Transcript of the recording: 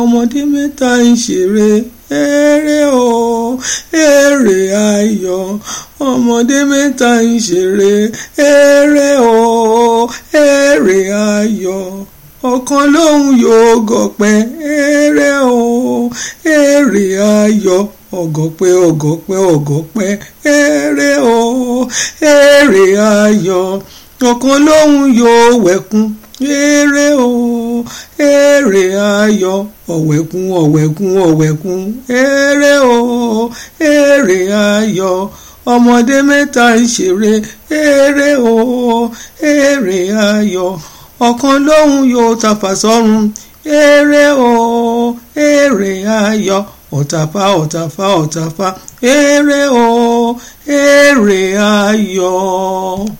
ọmọdé mẹ́ta ń ṣeré eré o eré ayọ̀ ọmọdé mẹ́ta ń ṣeré eré o eré ayọ̀ ọ̀kan lòun yóò gọ̀pẹ́ eré o eré ayọ̀ ọ̀gọ̀pẹ́ ọ̀gọ̀pẹ́ ọ̀gọ̀pẹ́ eré o eré ayọ̀ ọ̀kan lòun yóò wẹ̀kún eré o èrè ayọ̀ ọ̀wẹ̀kún ọ̀wẹ̀kún ọ̀wẹ̀kún èrè o èrè ayọ̀ ọmọdé mẹ́ta ń ṣeré èrè o èrè ayọ̀ ọ̀kan lóhùn yóò tàfà sọ́run èrè o èrè ayọ̀ ọ̀tàfà ọ̀tàfà ọ̀tàfà èrè o èrè ayọ̀.